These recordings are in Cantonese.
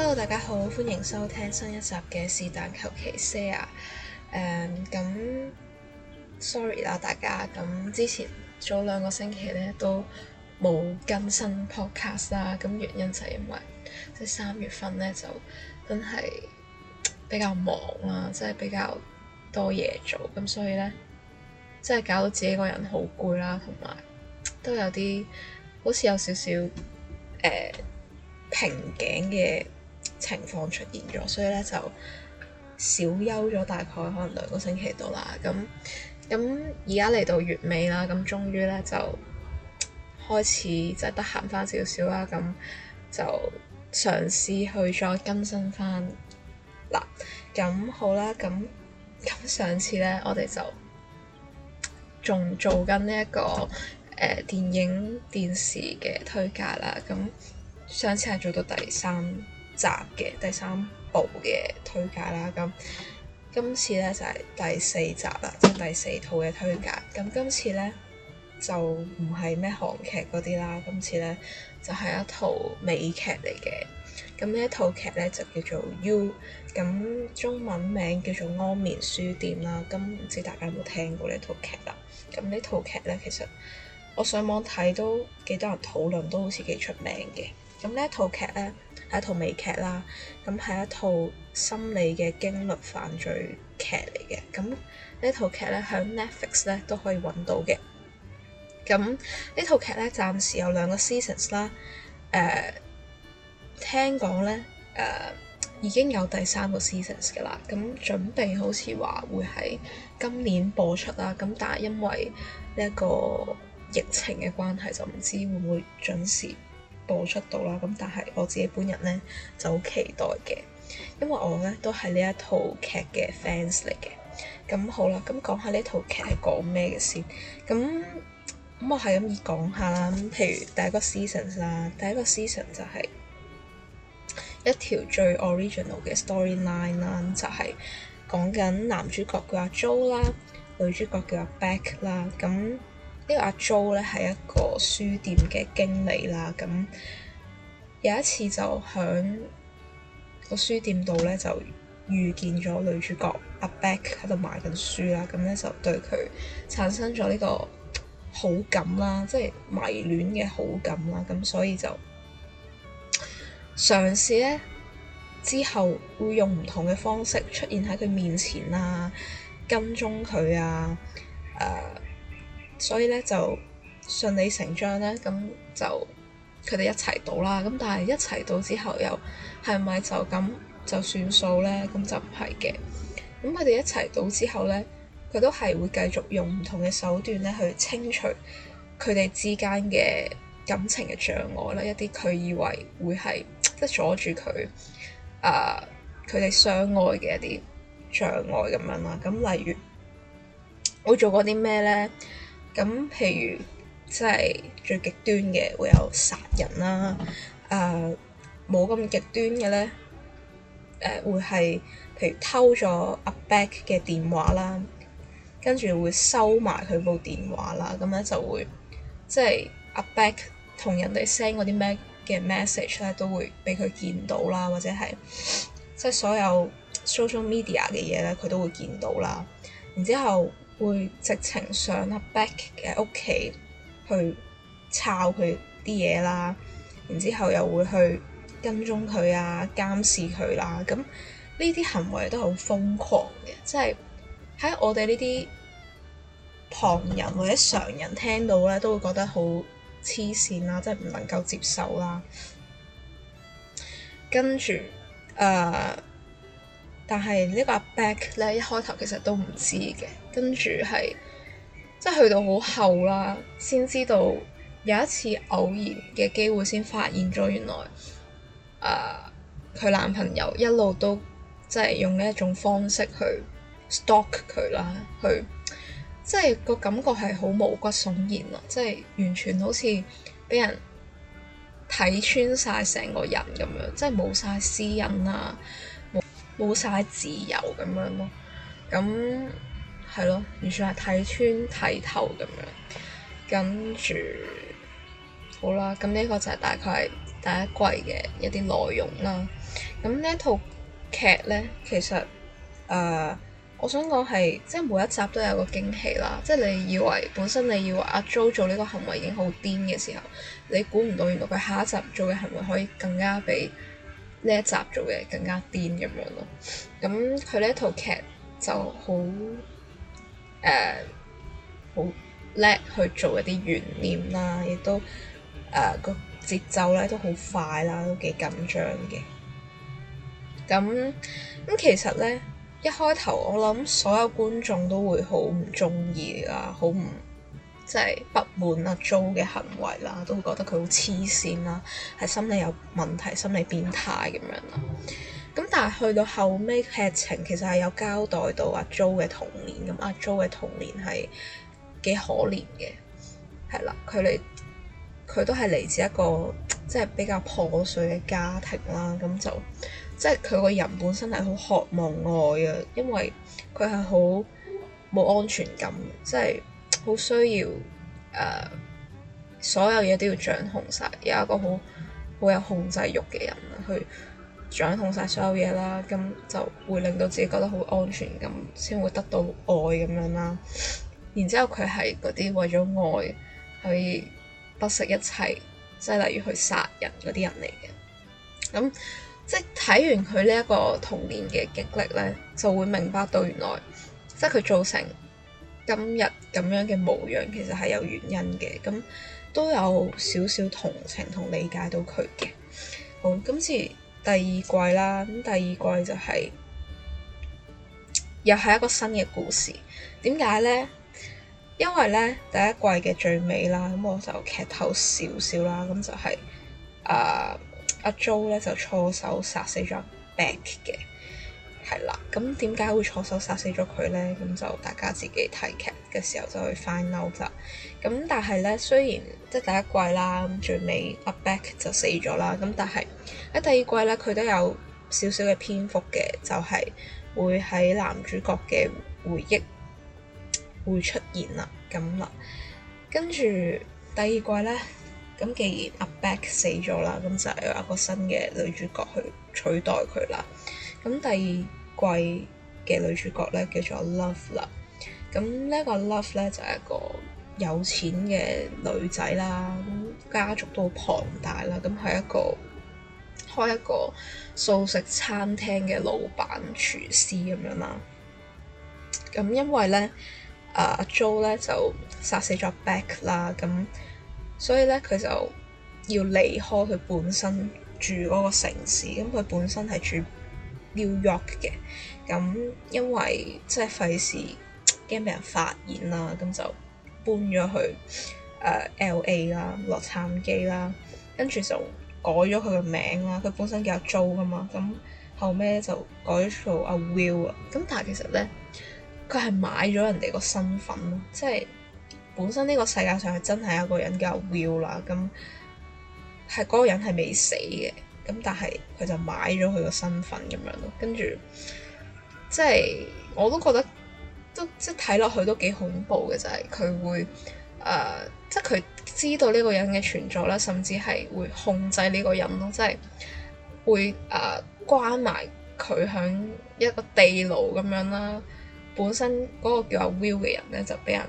Hello，大家好，歡迎收聽新一集嘅是但求其些牙。誒，咁、um, sorry 啦，大家咁之前早兩個星期咧都冇更新 podcast 啦。咁原因就係因為即係三月份咧就真係比較忙啦，即係比較多嘢做，咁所以咧即係搞到自己個人好攰啦，同埋都有啲好似有少少誒瓶頸嘅。呃情況出現咗，所以咧就少休咗大概可能兩個星期到啦。咁咁而家嚟到月尾啦，咁終於咧就開始就係得閒翻少少啦。咁就嘗試去再更新翻啦。咁好啦，咁咁上次咧我哋就仲做緊呢一個誒、呃、電影電視嘅推介啦。咁上次係做到第三。集嘅第三部嘅推介啦，咁今次咧就係第四集啦，即係第四套嘅推介。咁今次咧就唔係咩韓劇嗰啲啦，今次咧就係一套美劇嚟嘅。咁呢一套劇咧就叫做《You》，咁中文名叫做《安眠書店》啦。咁唔知大家有冇聽過呢套劇啦？咁呢套劇咧，其實我上網睇都幾多人討論，都好似幾出名嘅。咁呢一套劇咧。係一套美劇啦，咁係一套心理嘅驚慄犯罪劇嚟嘅，咁呢套劇咧喺 Netflix 咧都可以揾到嘅。咁呢套劇咧暫時有兩個 seasons 啦、呃，誒聽講咧誒已經有第三個 seasons 噶啦，咁準備好似話會喺今年播出啦，咁但係因為呢一個疫情嘅關係，就唔知會唔會準時播出到啦，咁但係我自己本人咧就好期待嘅，因為我咧都係呢一套劇嘅 fans 嚟嘅。咁好啦，咁、嗯、講下呢套劇係講咩嘅先。咁、嗯、咁、嗯、我係咁意講下啦。咁譬如第一個 season 啦，第一個 season 就係一條最 original 嘅 storyline 啦，就係講緊男主角叫阿 Joe 啦，女主角叫阿 Beck 啦，咁。呢個阿 Joe 咧係一個書店嘅經理啦，咁有一次就響個書店度咧就遇見咗女主角阿 Beck 喺度買緊書啦，咁咧就對佢產生咗呢個好感啦，即係迷戀嘅好感啦，咁所以就嘗試咧之後會用唔同嘅方式出現喺佢面前啊，跟蹤佢啊，誒、呃。所以咧就順理成章咧，咁就佢哋一齊到啦。咁但係一齊到之後，又係咪就咁就算數咧？咁就唔係嘅。咁佢哋一齊到之後咧，佢都係會繼續用唔同嘅手段咧去清除佢哋之間嘅感情嘅障礙啦。一啲佢以為會係即係阻住佢啊，呃，佢哋相愛嘅一啲障礙咁樣啦。咁例如會做過啲咩咧？咁譬如即係最極端嘅會有殺人啦，誒、冇咁極端嘅咧，誒、呃、會係譬如偷咗阿 Beck 嘅電話啦，跟住會收埋佢部電話啦，咁咧就會即係阿 Beck 同人哋 send 嗰啲咩嘅 message 咧，都會俾佢見到啦，或者係即係所有 social media 嘅嘢咧，佢都會見到啦，然之後，會直情上阿 Beck 嘅屋企去抄佢啲嘢啦，然之後又會去跟蹤佢啊，監視佢啦。咁呢啲行為都好瘋狂嘅，即係喺我哋呢啲旁人或者常人聽到咧，都會覺得好黐線啦，即係唔能夠接受啦。跟住誒、呃，但係呢個阿 Beck 咧，一開頭其實都唔知嘅。跟住係，即係去到好後啦，先知道有一次偶然嘅機會，先發現咗原來，呃，佢男朋友一路都即係用呢一種方式去 stalk 佢啦，去即係個感覺係好毛骨悚然咯，即係完全好似俾人睇穿晒成個人咁樣，即係冇晒私隱啊，冇晒自由咁樣咯，咁。係咯，完全係睇穿睇透咁樣，跟住好啦。咁呢一個就係大概第一季嘅一啲內容啦。咁呢一套劇呢，其實誒、呃，我想講係即係每一集都有個驚喜啦。即係你以為本身，你以為阿 Joe 做呢個行為已經好癲嘅時候，你估唔到原來佢下一集做嘅行為可以更加比呢一集做嘅更加癲咁樣咯。咁佢呢一套劇就好。誒，好叻、呃、去做一啲懸念啦，亦都誒個節奏咧都好快啦，都幾緊張嘅。咁咁其實咧，一開頭我諗所有觀眾都會好唔中意啦，好唔即係不滿啊，Joe 嘅行為啦，都會覺得佢好黐線啦，係心理有問題、心理變態咁樣。咁但係去到後尾劇情，其實係有交代到阿、啊、Jo 嘅童年。咁、啊、阿 Jo 嘅童年係幾可憐嘅，係啦，佢哋佢都係嚟自一個即係比較破碎嘅家庭啦。咁就即係佢個人本身係好渴望愛嘅，因為佢係好冇安全感，即係好需要誒、呃、所有嘢都要掌控曬，有一個好好有控制欲嘅人去。掌控晒所有嘢啦，咁就會令到自己覺得好安全咁，先會得到愛咁樣啦。然之後佢係嗰啲為咗愛可以不惜一切，即係例如去殺人嗰啲人嚟嘅。咁即係睇完佢呢一個童年嘅經歷呢，就會明白到原來即係佢造成今日咁樣嘅模樣，其實係有原因嘅。咁都有少少同情同理解到佢嘅。好，今次。第二季啦，咁第二季就係又係一個新嘅故事。點解呢？因為呢，第一季嘅最尾啦，咁我就劇透少少啦，咁就係阿 Jo 咧就錯手殺死咗 Beck 嘅。係啦，咁點解會錯手殺死咗佢呢？咁就大家自己睇劇嘅時候就去 find out 咋。咁但係呢，雖然即係第一季啦，咁最尾阿 Beck 就死咗啦。咁但係喺第二季呢，佢都有少少嘅篇幅嘅，就係、是、會喺男主角嘅回憶會出現啦，咁啦。跟住第二季呢，咁既然阿 Beck 死咗啦，咁就有一個新嘅女主角去取代佢啦。咁第二。貴嘅女主角咧叫做 Love 啦，咁呢個 Love 咧就係、一個有錢嘅女仔啦，家族都好龐大啦，咁係一個開一個素食餐廳嘅老闆廚師咁樣啦。咁因為咧，阿、啊、Joe 咧就殺死咗 Beck 啦，咁所以咧佢就要離開佢本身住嗰個城市，咁佢本身係住 New York 嘅，咁因為即係費事驚俾人發現啦，咁就搬咗去誒、呃、LA 啦，洛杉磯啦，跟住就改咗佢嘅名啦。佢本身叫阿 Joe 嘅嘛，咁後尾就改咗做阿 Will 啦。咁但係其實咧，佢係買咗人哋個身份咯，即係本身呢個世界上係真係有個人叫阿 Will 啦，咁係嗰個人係未死嘅。咁但係佢就買咗佢個身份咁樣咯，跟住即係我都覺得都即睇落去都幾恐怖嘅，就係、是、佢會誒、呃，即係佢知道呢個人嘅存在啦，甚至係會控制呢個人咯，即係會誒、呃、關埋佢喺一個地牢咁樣啦。本身嗰個叫阿 Will 嘅人咧，就俾人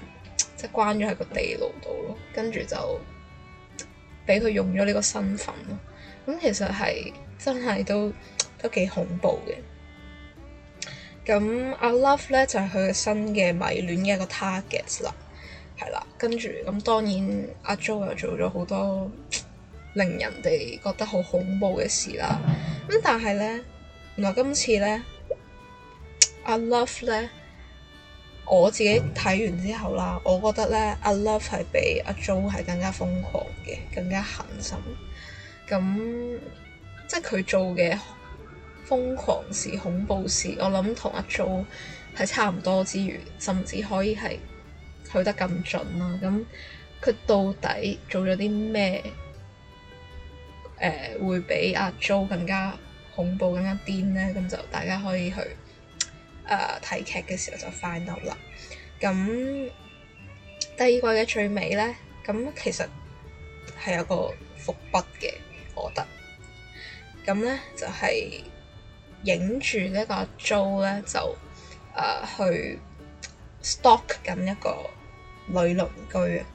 即係關咗喺個地牢度咯，跟住就俾佢用咗呢個身份咯。咁其實係真係都都幾恐怖嘅。咁阿 Love 咧就係佢嘅新嘅迷戀嘅一個 target 啦，係啦。跟住咁當然阿 Joe 又做咗好多令人哋覺得好恐怖嘅事啦。咁但係咧，原來今次咧阿 Love 咧我自己睇完之後啦，我覺得咧阿 Love 係比阿 Joe 係更加瘋狂嘅，更加狠心。咁即係佢做嘅瘋狂事、恐怖事，我諗同阿 Jo 係差唔多之餘，甚至可以係去得咁盡啦。咁佢到底做咗啲咩？誒、呃、會比阿 Jo 更加恐怖、更加癲咧？咁就大家可以去誒睇、呃、劇嘅時候就 find out 啦。咁第二季嘅最尾咧，咁其實係有個伏筆嘅。我得咁呢，就係影住呢個 Joe 呢，就、呃、去 stock 緊一個女鄰居啊。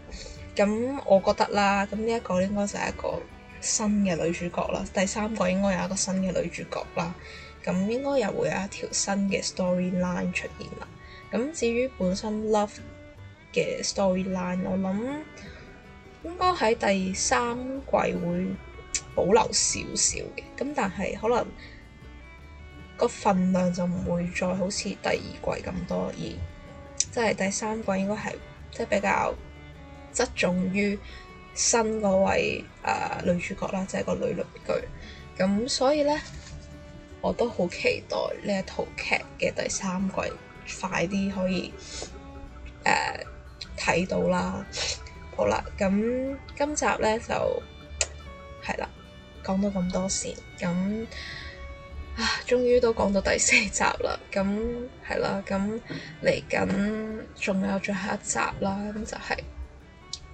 咁、嗯、我覺得啦，咁呢一個應該就係一個新嘅女主角啦。第三季應該有一個新嘅女主角啦。咁、嗯、應該又會有一條新嘅 storyline 出現啦。咁、嗯、至於本身 love 嘅 storyline，我諗應該喺第三季會。保留少少嘅，咁但係可能個份量就唔會再好似第二季咁多，而即係第三季應該係即係比較側重於新嗰位誒、呃、女主角啦，即係個女鄰居。咁所以呢，我都好期待呢一套劇嘅第三季快啲可以誒睇到啦。好啦，咁今集呢就係啦。講到咁多事，咁啊，終於都講到第四集啦。咁係啦，咁嚟緊仲有最後一集啦。咁就係、是、誒、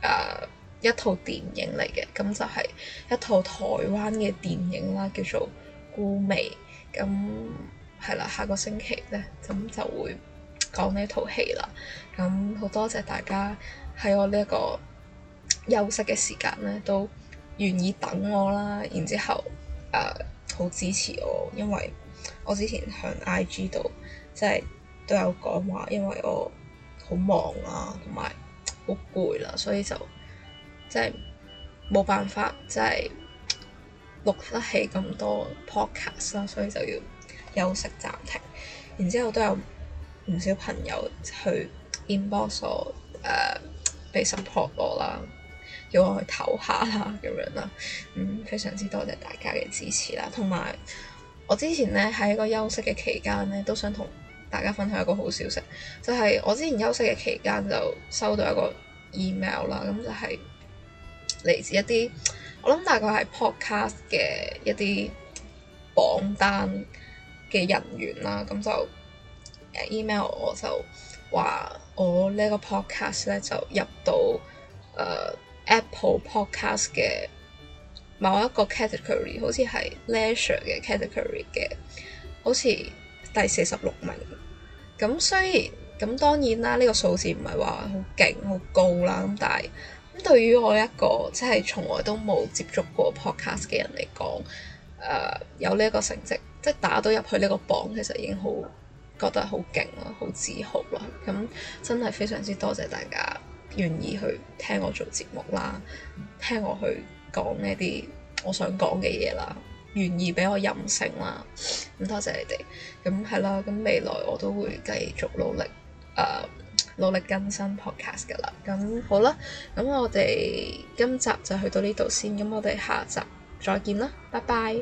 呃、一套電影嚟嘅，咁就係一套台灣嘅電影啦，叫做《孤味》。咁係啦，下個星期咧，咁就會講呢套戲啦。咁好多謝大家喺我呢一個休息嘅時間咧，都～願意等我啦，然之後誒好、呃、支持我，因為我之前喺 IG 度即係都有講話，因為我好忙啊，同埋好攰啦，所以就即係冇辦法即係錄得起咁多 podcast 啦，所以就要休息暫停。然之後都有唔少朋友去 inbox 我誒，畀、呃、support 我啦。叫我去唞下啦，咁樣啦，嗯，非常之多謝大家嘅支持啦，同埋我之前呢，喺一個休息嘅期間呢，都想同大家分享一個好消息，就係我之前休息嘅期間就收到一個 email 啦，咁就係嚟自一啲我諗大概係 podcast 嘅一啲榜單嘅人員啦，咁就 email 我就話我呢個 podcast 呢就入到誒。呃 Apple Podcast 嘅某一個 category，好似係 leisure 嘅 category 嘅，好似第四十六名。咁雖然咁當然啦，呢個數字唔係話好勁好高啦，咁但係咁對於我一個即係從來都冇接觸過 podcast 嘅人嚟講，誒、呃、有呢一個成績，即係打到入去呢個榜，其實已經好覺得好勁啦，好自豪啦。咁真係非常之多謝大家。願意去聽我做節目啦，聽我去講呢啲我想講嘅嘢啦，願意畀我任性啦，咁多謝你哋，咁係啦，咁未來我都會繼續努力，誒、呃，努力更新 podcast 噶啦，咁好啦，咁我哋今集就去到呢度先，咁我哋下集再見啦，拜拜。